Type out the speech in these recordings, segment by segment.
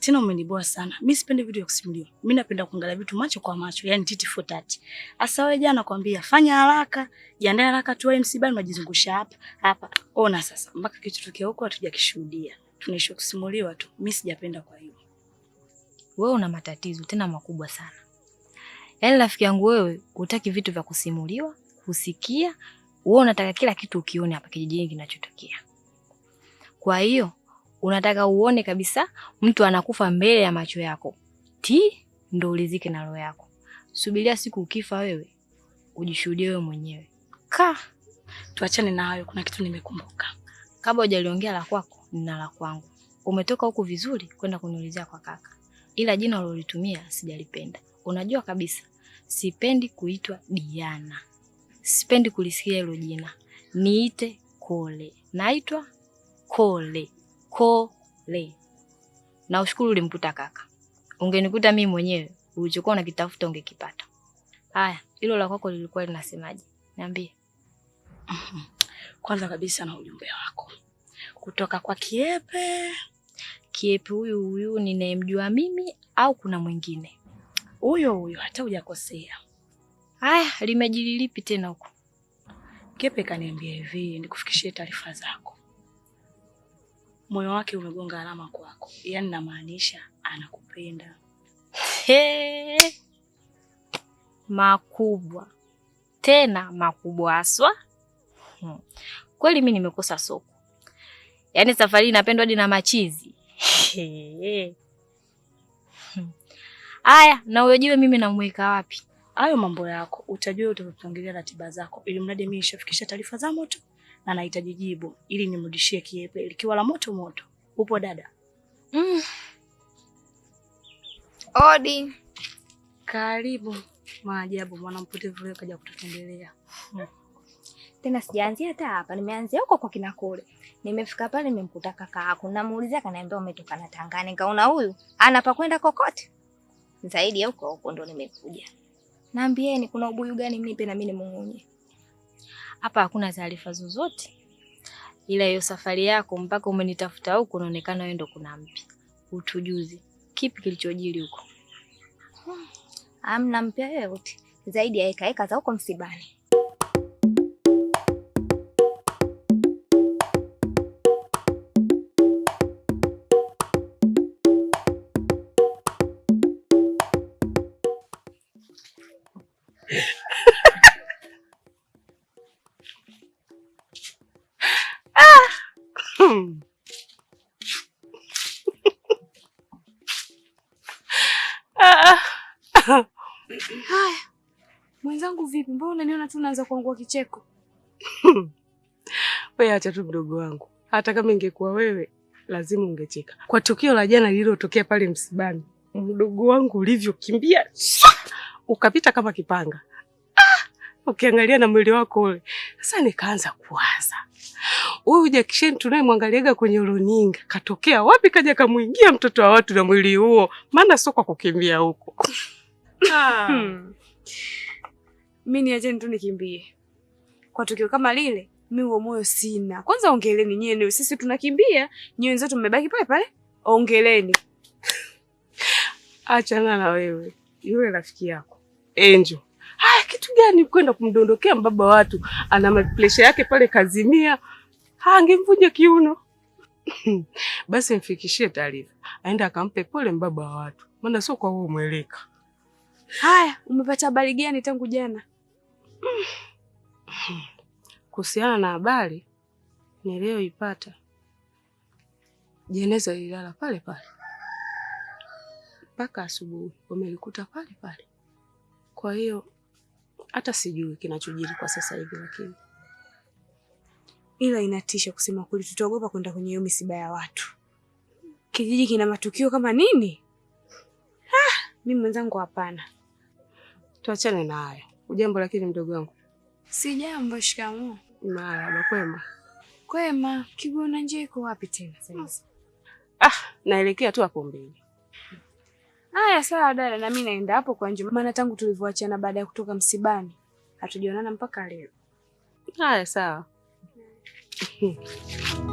Tena umeniboa sana. Mimi sipendi video vya kusimuliwa. Mimi napenda kuangalia vitu macho kwa macho, yani titi for tati. Asa wewe jana nakwambia fanya haraka, jiandae haraka tuwe msibani unajizungusha hapa, hapa. Ona sasa mpaka kitotokea huko hatujakishuhudia. Tunaisha kusimuliwa tu. Mimi sijapenda kwa hiyo. Wewe una matatizo tena makubwa sana. Yaani rafiki yangu wewe hutaki vitu vya kusimuliwa, kusikia, wewe unataka kila kitu ukione hapa kijijini kinachotokea. Kwa hiyo Unataka uone kabisa mtu anakufa mbele ya macho yako, ti ndo ulizike na roho yako. Subiria siku ukifa wewe ujishuhudie wewe mwenyewe. Ka tuachane na hayo, kuna kitu nimekumbuka. Kabla hujaliongea la kwako, nina la kwangu. Umetoka huku vizuri kwenda kuniulizia kwa kaka, ila jina ulilotumia sijalipenda. Unajua kabisa sipendi kuitwa Diana, sipendi kulisikia hilo jina. Niite Kole, naitwa Kole kole. Na ushukuru ulimkuta kaka, ungenikuta mimi mwenyewe, ulichokuwa unakitafuta ungekipata. Haya, hilo la kwako lilikuwa linasemaje? Niambie kwanza kabisa, na ujumbe wako kutoka kwa Kiepe. Kiepe huyu huyu ninayemjua mimi au kuna mwingine? Huyo huyo, hata hujakosea. Haya, limejili lipi tena huko? Kiepe kaniambia hivi, nikufikishie taarifa zako moyo wake umegonga alama kwako, yaani namaanisha anakupenda. Hey, makubwa tena makubwa haswa. Hmm, kweli mi nimekosa soko, yaani safari inapendwa hadi na machizi. Hey. Hmm. na wewe jiwe mimi namweka wapi? Hayo mambo yako utajua utavyopangilia ratiba zako, ili mradi mi nishafikisha taarifa za moto na nahitaji jibu ili nimrudishie kiepe likiwa la moto moto. Upo dada? Mm. Odi, karibu. Maajabu, mwana mpotevu leo kaja kututembelea. Mm. Tena sijaanzia hata hapa, nimeanzia huko kwa kina kule. Nimefika pale, nimemkuta kaka yako, namuuliza, akaniambia umetoka na Tangani. Kaona huyu ana pa kwenda kokote zaidi ya huko huko, ndo nimekuja. Naambieni kuna ubuyu gani mnipe na mimi nimung'unye. Hapa hakuna taarifa zozote, ila hiyo safari yako mpaka umenitafuta huku, unaonekana wewe ndo kuna mpya. Utujuzi kipi kilichojiri huko? Hmm. Amna mpya yoyote zaidi ya heka za huko msibani. Haya mwenzangu, vipi? Mbona unaniona tu unaanza kuangua kicheko? Wewe acha tu mdogo wangu, hata kama ingekuwa wewe lazima ungecheka kwa tukio la jana lililotokea pale msibani. Mdogo wangu ulivyokimbia ukapita kama kipanga, ah, ukiangalia na mwili wako ule. Sasa nikaanza kuwaza huyu Jackson tunayemwangaliaga kwenye runinga katokea wapi? Kaja kamwingia mtoto wa watu na mwili huo, maana sio kwa kukimbia huko. Ah. Hmm. mi niacheni tu nikimbie. Kwa tukio kama lile, mi huo moyo sina. Kwanza ongeleni nyewe, sisi tunakimbia, nyewe wenzetu mmebaki pale pale, ongeleni. Achana na wewe yule rafiki yako Angel. Haya, kitu gani kwenda kumdondokea mbaba watu? Ana mapresha yake pale Kazimia, angemvunja kiuno hmm. basi mfikishie taarifa, aenda akampe pole mbaba wa watu, maana sio kwa huo mweleka Haya, umepata habari gani tangu jana? Kuhusiana na habari niliyoipata, jeneza lilala pale pale mpaka asubuhi, wamelikuta pale pale. Kwa hiyo hata sijui kinachojiri kwa sasa hivi, lakini ila inatisha kusema kweli. Tutaogopa kwenda kwenye hiyo misiba ya watu. Kijiji kina matukio kama nini? Ah, mimi mwenzangu hapana tuachane na haya. Ujambo lakini mdogo wangu? Sijambo. Shikamoo. Marahaba. Kwema? Kwema. Kigona njia iko wapi tena sasa? Ah, naelekea tu hapo mbele. Haya, sawa dada, na mimi naenda hapo kwa Njuma, maana tangu tulivyoachana baada ya kutoka msibani hatujaonana mpaka leo. Haya, sawa.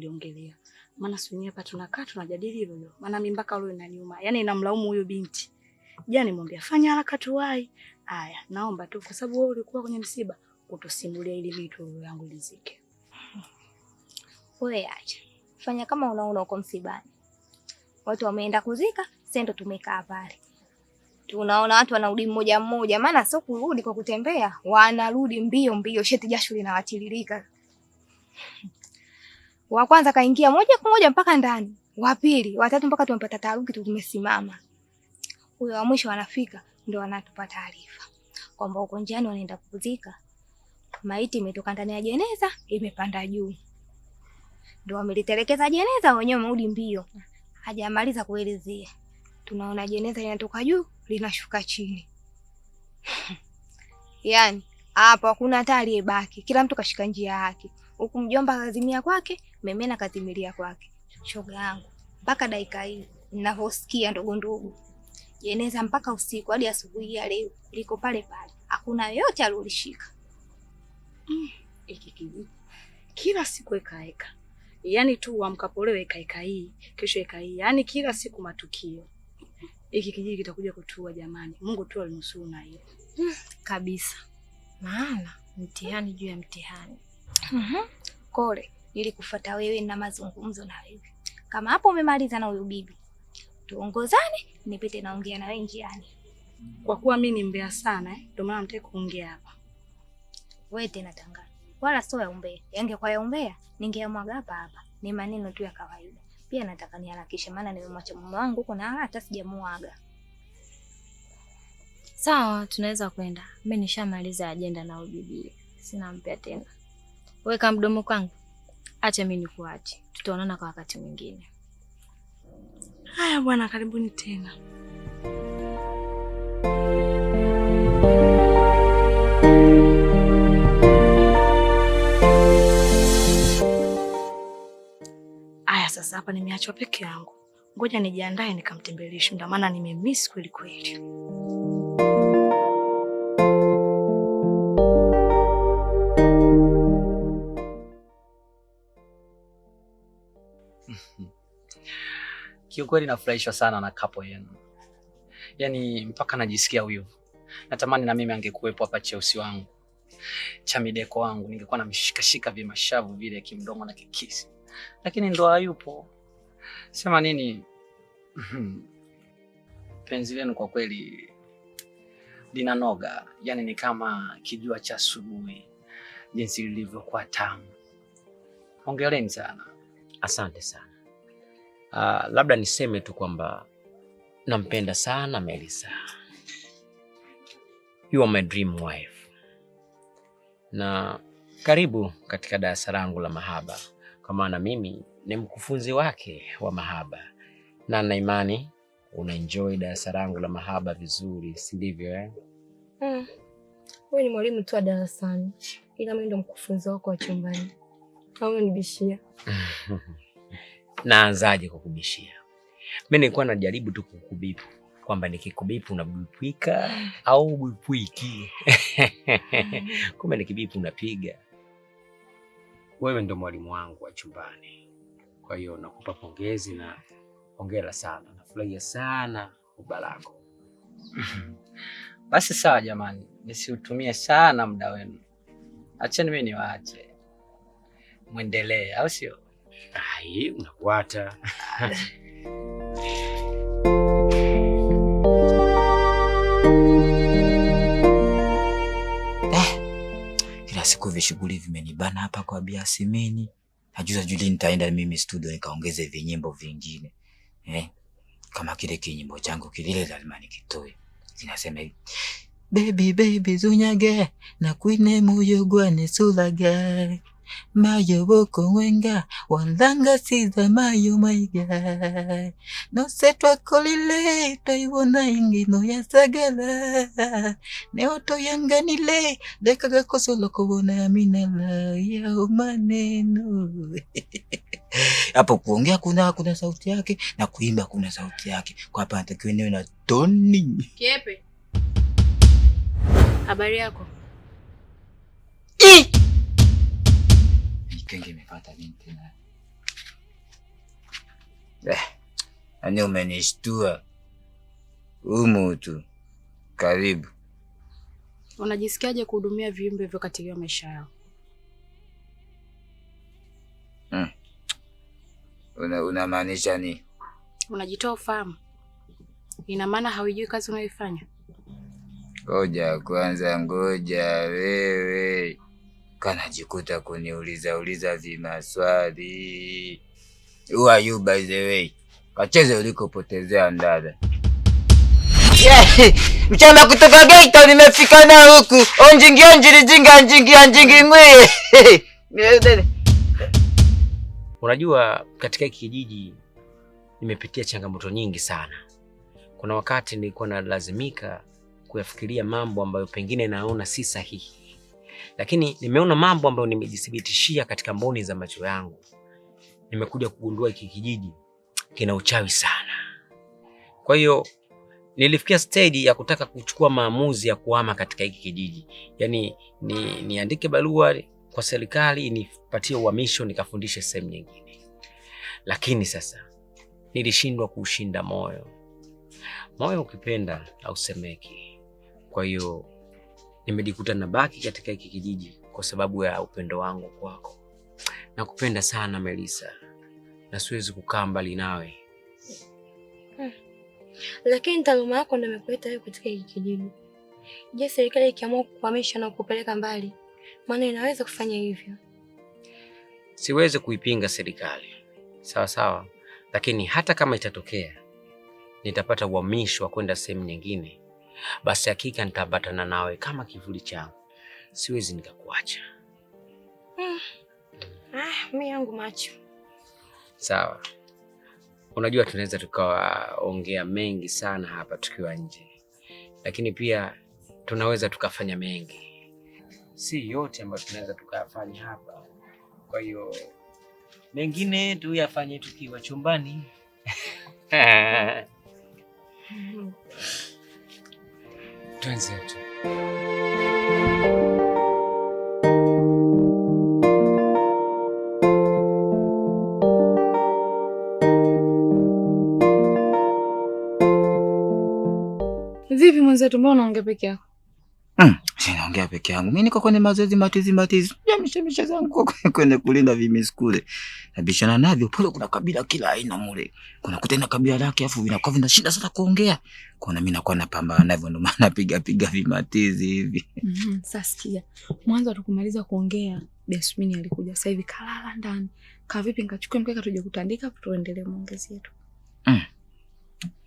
kuliongelea, maana si wenyewe hapa tunakaa tunajadili hilo hilo, maana mimi mpaka leo inaniuma, yaani inamlaumu huyo binti. Jana nimwambia fanya haraka tuwai. Haya, naomba tu kwa sababu wewe ulikuwa kwenye msiba utusimulia ili vitu yangu lizike. Wewe acha fanya kama unaona uko msibani, watu wameenda kuzika, sasa ndo tumekaa pale tunaona watu wanarudi mmoja mmoja, maana sio kurudi kwa kutembea, wanarudi mbio mbio, sheti jasho linawatiririka wa kwanza kaingia moja kwa moja mpaka ndani, wa pili, wa tatu mpaka tumepata taharuki tu tumesimama. Huyo wa mwisho anafika ndio anatupa taarifa kwamba uko njiani wanaenda kuzika. Maiti imetoka ndani ya jeneza imepanda juu. Ndio wamelitelekeza jeneza wenyewe wamerudi mbio. Hajamaliza kuelezea. Tunaona jeneza linatoka juu linashuka chini. yani hapo hakuna hata aliyebaki. Kila mtu kashika njia yake huku mjomba kazimia kwake, memena katimilia kwake. Shoga yangu mpaka dakika hii ninavyosikia ndugundugu, jeneza mpaka usiku hadi asubuhi ya leo liko pale pale, hakuna yoyote alolishika. Mm, iki kijiji kila siku ekaeka, yaani tu uamkapo leo ekaeka hii, kesho eka hii, yaani kila siku matukio. Iki kijiji kitakuja kutua jamani, Mungu tu alinusuru na hiyo mm, kabisa, maana mtihani juu ya mtihani mm -hmm. Kole ili kufuata wewe na mazungumzo na wewe. Kama hapo umemaliza na huyu bibi, tuongozane nipite naongea na wewe njiani. Kwa kuwa mimi ni mbea sana eh, ndio maana nataka kuongea hapa. Wewe tena tanga wala sio ya umbea, yange kwa ya umbea ningeamwaga hapa hapa, ni maneno tu ya kawaida. Pia nataka niharakishe, maana nimemwacha mume wangu huko na hata sijamuaga. Sawa, tunaweza kwenda. Mimi nishamaliza ajenda na bibi, sina mpya tena. Weka mdomo kwangu, acha mimi nikuache, tutaonana kwa wakati mwingine. Haya bwana, karibuni tena. haya sasa hapa nimeachwa peke yangu, ngoja nijiandae nikamtembelee Shunda, maana nimemiss kweli kweli. Kiukweli nafurahishwa sana na kapo yenu, yaani mpaka najisikia wivu. Natamani na mimi angekuwepo hapa cheusi wangu chamideko wangu, ningekuwa namshikashika vimashavu vile kimdomo na kikisi, lakini ndo hayupo. Sema nini? penzi lenu kwa kweli lina noga yaani ni kama kijua cha asubuhi, jinsi lilivyokuwa tamu. Hongereni sana, asante sana. Uh, labda niseme tu kwamba nampenda sana Melissa. You are my dream wife. Na karibu katika darasa langu la mahaba, kwa maana mimi ni mkufunzi wake wa mahaba, na na imani una darasa langu la mahaba vizuri, si ndivyo eh? Mm. Wewe ni mwalimu tu wa darasani, ila mimi ndo mkufunzi wako wa chumbani. Au unibishia? naanzaje kukubishia? Mimi nilikuwa najaribu tu kukubipu kwamba nikikubipu unabwipwika au bwipwiki. Kumbe nikibipu unapiga. Wewe ndo mwalimu wangu wa chumbani, kwa hiyo nakupa pongezi na hongera sana. Nafurahia sana ubalako. Basi sawa jamani, nisiutumie sana muda wenu, acheni mimi niwaache mwendelee, au sio? Ai, unafuata eh, kila siku vishughuli vimenibana hapa kwa biasimini. Najuza juli nitaenda mimi studio nikaongeze vinyimbo vingine eh, kama kile kinyimbo changu kilile lazima nikitoe, kinasema hivi baby baby zunyage nakwine muyugwane sulaga mayo wenga wandanga siza mayo maiga nose twakolile twaiwona ingino ya sagala neo toyanganile dekaga kosolo kubona minala yao maneno hapo kuongea kuna kuna sauti yake na kuimba kuna sauti yake kwa pande kwenyewe na toni Kiepe. Habari yako? Genge imepata nini tena? Eh, yaani umenishtua umu tu. Karibu. Unajisikiaje kuhudumia viumbe hivyo katika maisha yao? Hmm. Una, unamaanisha nini? Unajitoa ufahamu, ina maana haujui kazi unayoifanya. Ngoja kwanza, ngoja wewe kanajikuta kuniuliza uliza vimaswali. Who are you by the way? Kacheze ulikopotezea ndada. Yeah, kutoka Geita nimefika na huku onjingi onjilijinga njingia njingi ngwie Unajua, katika hiki kijiji nimepitia changamoto nyingi sana. Kuna wakati nilikuwa nalazimika kuyafikiria mambo ambayo pengine naona si sahihi lakini nimeona mambo ambayo nimejithibitishia katika mboni za macho yangu. Nimekuja kugundua hiki kijiji kina uchawi sana. Kwa hiyo nilifikia stage ya kutaka kuchukua maamuzi ya kuhama katika hiki kijiji, yaani ni, niandike barua kwa serikali nipatie uhamisho nikafundishe sehemu nyingine, lakini sasa nilishindwa kuushinda moyo. Moyo ukipenda hausemeki, kwa hiyo nimejikuta nabaki katika hiki kijiji kwa sababu ya upendo wangu kwako. Nakupenda sana Melissa, na siwezi kukaa mbali nawe. Hmm. Lakini taaluma yako ndio imekuleta wewe katika hiki kijiji. Je, serikali ikiamua kukuhamisha na kukupeleka mbali, maana inaweza kufanya hivyo? Siwezi kuipinga serikali, sawa sawa, lakini hata kama itatokea nitapata uhamisho wa kwenda sehemu nyingine basi hakika nitabatana nawe kama kivuli changu, siwezi nikakuacha. Mm. Ah, mimi yangu macho sawa. Unajua, tunaweza tukaongea mengi sana hapa tukiwa nje, lakini pia tunaweza tukafanya mengi, si yote ambayo tunaweza tukayafanya hapa. Kwa hiyo mengine tuyafanye tukiwa chumbani. Twenzetu. Vipi mwenzetu, mbona unaongea peke yako? Hmm, Sinaongea peke yangu mi niko kwenye mazoezi matizi matizi mishemishe zangu kwenda kulinda vimisi kule, nabishana navyo pole. Kuna kabila kila aina mule, kuna kutenda kabila lake, afu vinakuwa vina shida sana kuongea, kuna mimi nakuwa napambana navyo, ndo maana napiga piga vimatizi hivi. Mm-hmm, sasa sikia, mwanzo tukumaliza kuongea, Jasmine alikuja sasa hivi kalala ndani, ka vipi, nikachukue mkeka tuje kutandika, tuendelee maongezi yetu. Mm.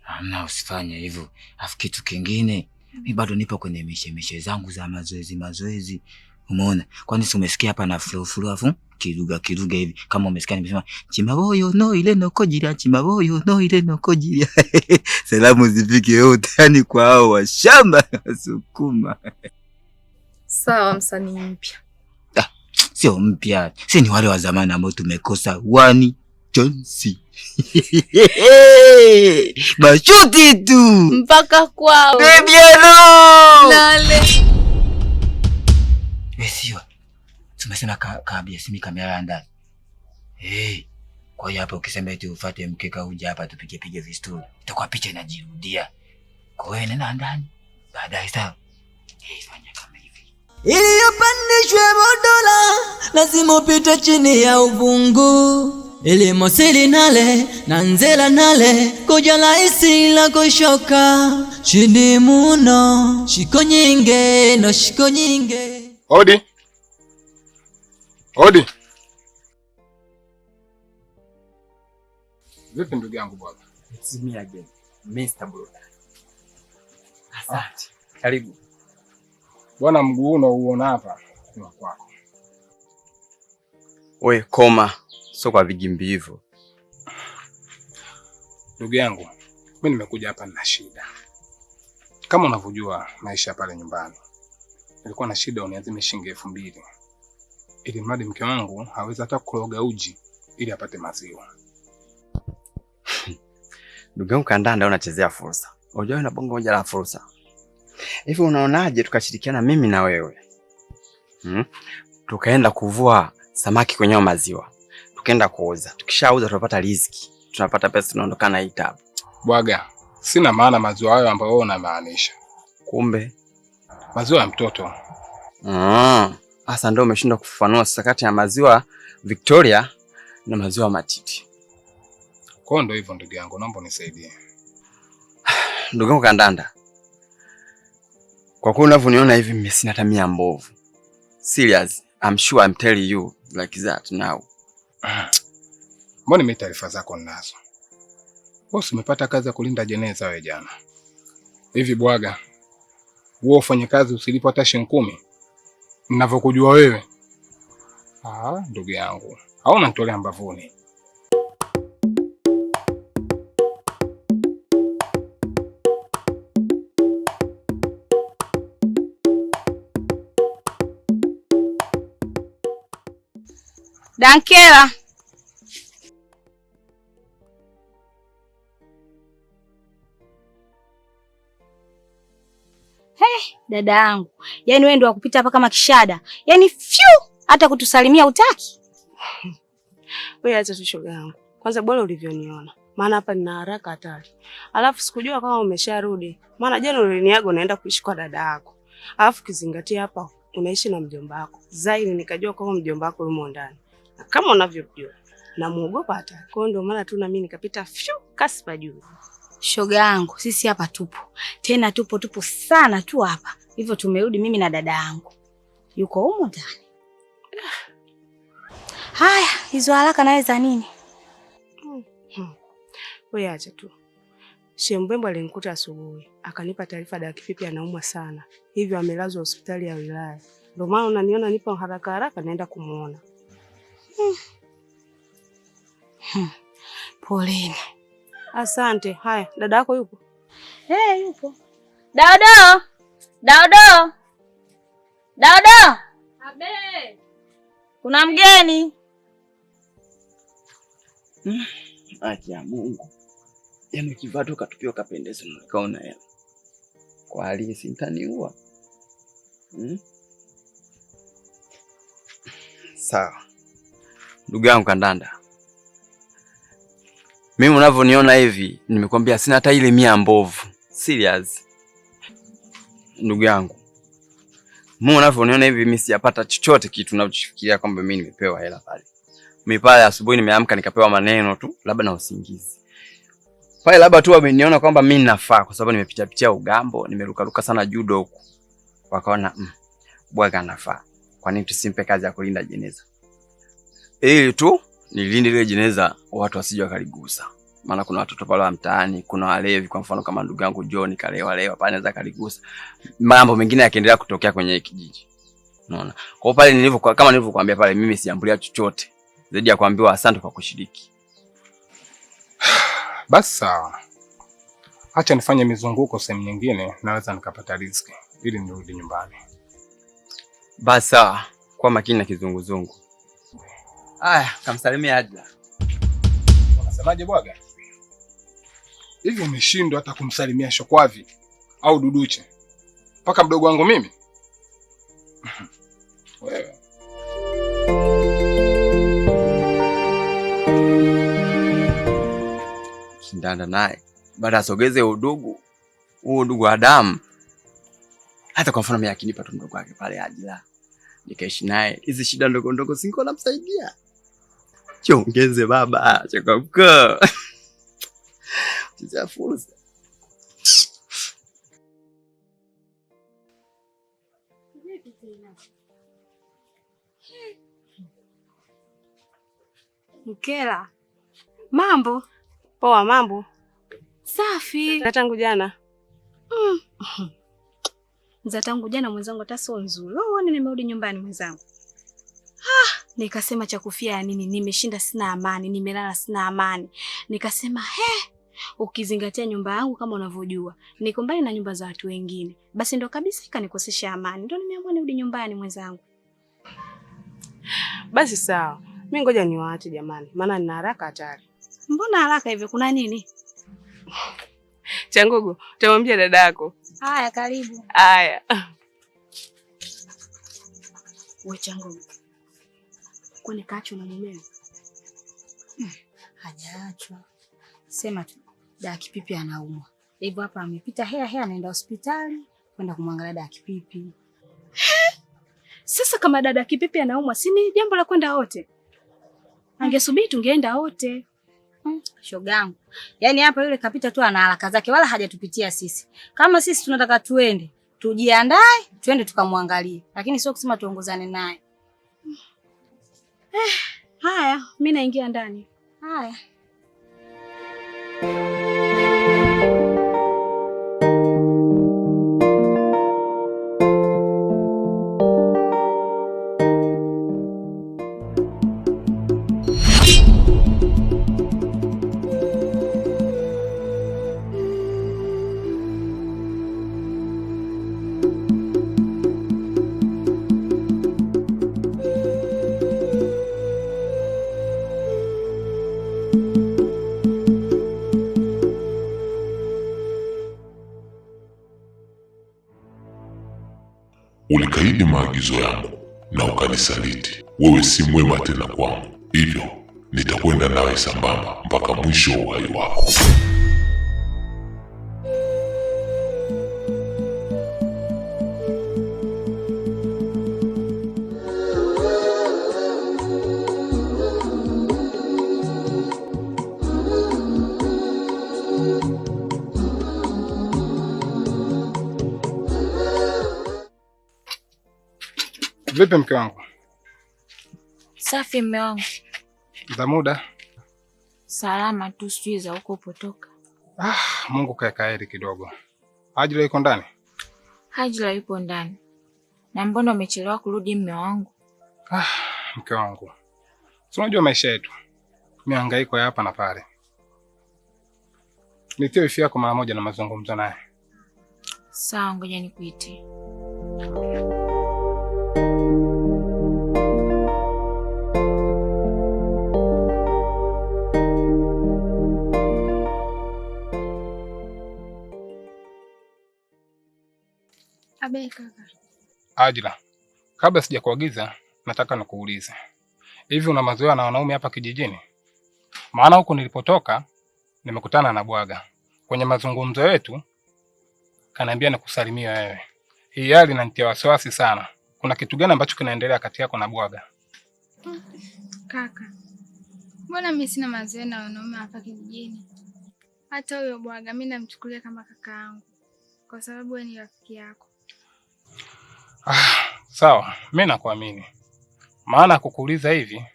Amna, usifanye hivyo. Afu kitu kingine, mi bado nipo kwenye mishemishe zangu za mazoezi mazoezi Umeona? Kwani si umesikia hapa na flow flow afu kiruga kiruga hivi. Kama umesikia nimesema chimaboyo no ile no kojira chimaboyo no ile no Salamu zifike yote yani kwa hao washamba Wasukuma. Sawa, msanii mpya. Ah, sio mpya. Si ni wale wa zamani ambao tumekosa wani chonsi. Mashuti tu mpaka kwao. Baby hello. Nale. tumesema simi kamera ya ndani. Hey, kwa hiyo hapa ukisema eti ufuate mkeka uje hapa tupige pige vistori, itakuwa picha inajirudia. Kwa hiyo nenda ndani baadaye, sawa? Hey, fanya kama hivi. Ili upandishwe modola lazima upite chini ya uvungu ili mosili nale na nzela nale kujala isi la kushoka chini muno shiko nyinge no shiko nyinge odi Hodi. Vipi ndugu yangu bwana? It's me again, Mr. Brother. Ah. Asante. Ah. Karibu. Bwana mguu unaouona hapa ni wa kwako. We koma, sio kwa vigimbi hivyo. Ndugu yangu, mimi nimekuja hapa na shida. Kama unavyojua maisha pale nyumbani. Nilikuwa na shida uniazime shilingi elfu mbili ili mradi mke wangu hawezi hata kukoroga uji ili apate maziwa. Ndugu yangu kandanda, unachezea fursa. Unajua una bongo moja la fursa. Hivi unaonaje tukashirikiana mimi na wewe hmm? Tukaenda kuvua samaki kwenye maziwa, tukaenda kuuza. Tukishauza tunapata riziki, tunapata pesa, tunaondokana hii tabu. Bwaga, sina maana maziwa hayo ambayo wewe unamaanisha. Kumbe maziwa ya mtoto mm. Hasa ndio umeshindwa kufafanua sasa kati ya maziwa Victoria na maziwa Matiti. Kwa ndio hivyo ndugu yangu, naomba unisaidie. Ndugu yangu Kandanda, kwa kuwa unavyoniona hivi, mimi sina tamia mbovu. Serious, I'm sure I'm telling you like that now. Mbona mimi taarifa zako ninazo. Boss, umepata kazi ya kulinda jeneza wewe jana. Hivi bwaga, wewe ufanye kazi usilipo hata shilingi 10 ninavyokujua wewe ndugu yangu, au nanitolea mbavuni. Dankela. dada yangu. Yaani wewe ndio wakupita hapa kama kishada. Yaani fyu hata kutusalimia utaki. Wewe acha tu shoga yangu. Kwanza bora ulivyoniona. Maana hapa nina haraka hatari. Alafu sikujua kama umesharudi. Maana jana uliniaga unaenda kuishi kwa dada yako. Alafu kizingatia hapa unaishi na mjomba wako. Zaini, nikajua kama mjomba wako yumo ndani. Na kama unavyojua namuogopa hata. Kwa hiyo ndio maana tu na mimi nikapita fyu kasi pa juu. Shoga yangu, sisi hapa tupo. Tena tupo tupo sana tu hapa. Hivyo tumerudi mimi na dada yangu yuko humo ndani. Haya, hizo haraka nawe za nini? Hmm. Wewe hmm. We acha tu. Shembwembo alinikuta asubuhi akanipa taarifa dada Kipipi anaumwa sana, hivyo amelazwa hospitali ya wilaya. Ndio maana unaniona nipo haraka haraka naenda kumuona. hmm. hmm. Poleni. Asante. Haya, dada yako yupo? Eh, hey, yupo. Dada Dodo, Dodo, abe, kuna mgeni. Mm, Aki ya Mungu, yaani ukivaa tu katupia kapendeza, nikaona hela kwa halisi ntaniua. Hmm? Sawa ndugu yangu Kandanda, mimi unavyoniona hivi, nimekwambia sina hata ile mia mbovu, serious ndugu yangu, mimi unavyoniona hivi, mimi sijapata chochote kitu ninachofikiria kwamba mimi nimepewa hela pale. Mimi pale asubuhi nimeamka nikapewa maneno tu, labda na usingizi pale, labda tu wameniona kwamba mimi nafaa, kwa sababu nimepita pitia ugambo, nimerukaruka sana judo huko, wakaona mm, bwaga nafaa. Kwa nini tusimpe kazi ya kulinda jeneza, ili tu nilinde ile jeneza, watu wasije wakaligusa maana kuna watoto pale wa mtaani, kuna walevi. Kwa mfano kama ndugu yangu John kalewa lewa pale, anaweza kaligusa, mambo mengine yakiendelea kutokea kwenye kijiji. Unaona, kwa pale nilivyo, kama nilivyokuambia pale, mimi siambulia chochote zaidi ya kuambiwa asante kwa kushiriki. Basi sawa, acha nifanye mizunguko sehemu nyingine, naweza nikapata riziki ili nirudi nyumbani. Basi sawa, kwa makini na kizunguzungu. Aya, kamsalimia Ajla. Unasemaje bwaga? hivi umeshindwa hata kumsalimia Shokwavi au Duduche, mpaka mdogo wangu mimi wewe. Shindana naye baada asogeze udugu huo, udugu wa damu. Hata kwa mfano mimi akinipa tu mdogo wake pale ajira, nikaishi naye hizi shida ndogo ndogo, singo namsaidia. Chongeze baba chokamko za fursa. Mkela, mambo poa? Mambo safi. Na tangu jana mm. za tangu jana mwenzangu, hata sio nzuri. Uone oh, yaani nimerudi nyumbani mwenzangu, ah, nikasema cha kufia ya nini? Nimeshinda sina amani, nimelala sina amani, nikasema he ukizingatia nyumba yangu kama unavyojua niko mbali na nyumba za watu wengine, basi ndo kabisa ikanikosesha amani, ndo nimeamua nirudi nyumbani mwenzangu. Basi sawa, mi ngoja niwaache jamani, maana nina haraka hatari. Mbona haraka hivyo, kuna nini? Changugu, utamwambia dada yako. Haya, karibu. Haya we Changugu, kwani kaachwa na mumeo? hajaachwa. Sema tu da Kipipi anaumwa. Hivyo hapa amepita hea hea, anaenda hospitali kwenda kumwangalia da Kipipi. Sasa kama dada Kipipi anaumwa, si ni jambo la kwenda wote? Angesubiri tungeenda wote. Hmm. Shogangu, yaani hapa yule kapita tu ana haraka zake, wala hajatupitia sisi. Kama sisi tunataka tuende, tujiandae tuende tukamwangalie, lakini sio kusema tuongozane naye. Eh, haya, mimi naingia ndani. Haya. Ulikaidi maagizo yangu na ukanisaliti. Wewe si mwema tena kwangu, hivyo nitakwenda nawe sambamba mpaka mwisho wa uhai wako. Vipi mke wangu? Safi mme wangu. Za muda salama tu, sijui za huko upotoka. Ah, Mungu kaeri kidogo. Hajira iko ndani? Hajira yupo ndani. Na mbona umechelewa kurudi mme wangu? Ah, mke wangu, si unajua maisha yetu mihangaiko ya hapa na pale. Nitie wifi yako mara moja na mazungumzo naye. Sawa, ngoja nikuitie. Baadaye kaka. Ajira, kabla sijakuagiza nataka nikuulize, hivi una mazoea na wanaume hapa kijijini? Maana huku nilipotoka nimekutana na Bwaga kwenye mazungumzo yetu, kanaambia nikusalimia wewe. Hii hali inanitia wasiwasi sana. Kuna kitu gani ambacho kinaendelea kati yako na Bwaga? kaka, mbona mimi sina mazoea na wanaume hapa kijijini? Hata huyo Bwaga mimi namchukulia kama kaka yangu, kwa sababu yeye ni rafiki yako. Ah, sawa, mi nakuamini, maana kukuuliza hivi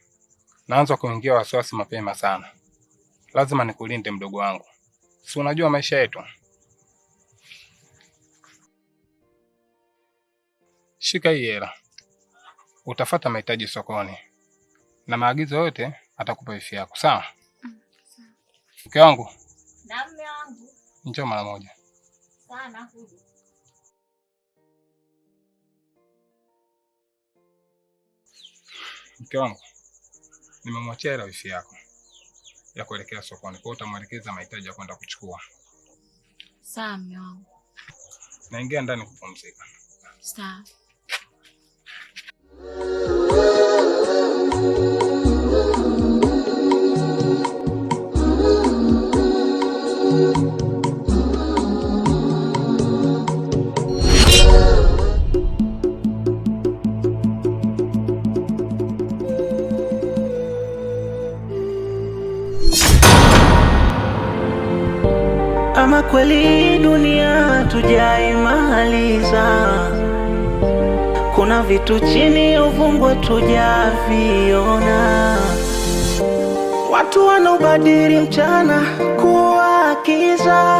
naanza kuingia wasiwasi mapema sana. Lazima nikulinde mdogo wangu, si unajua maisha yetu. Shika hii hela, utafata mahitaji sokoni na maagizo yote atakupa wifi yako, sawa? Mm, Mke wangu, njoo mara moja sana. mke wangu, nimemwachia hela wifi yako ya kuelekea sokoni, kwa utamwelekeza mahitaji ya kwenda kuchukua. Sawa mme wangu, naingia ndani kupumzika. Sawa. Kama kweli dunia tujaimaliza, kuna vitu chini uvungwa tujaviona. Watu wanaubadili mchana kuwa kiza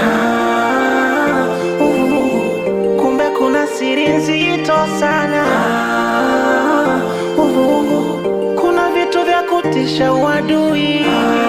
Ah, kumbe kuna siri nzito sana ah, uh, uh, uh, uh kuna vitu vya kutisha uadui ah,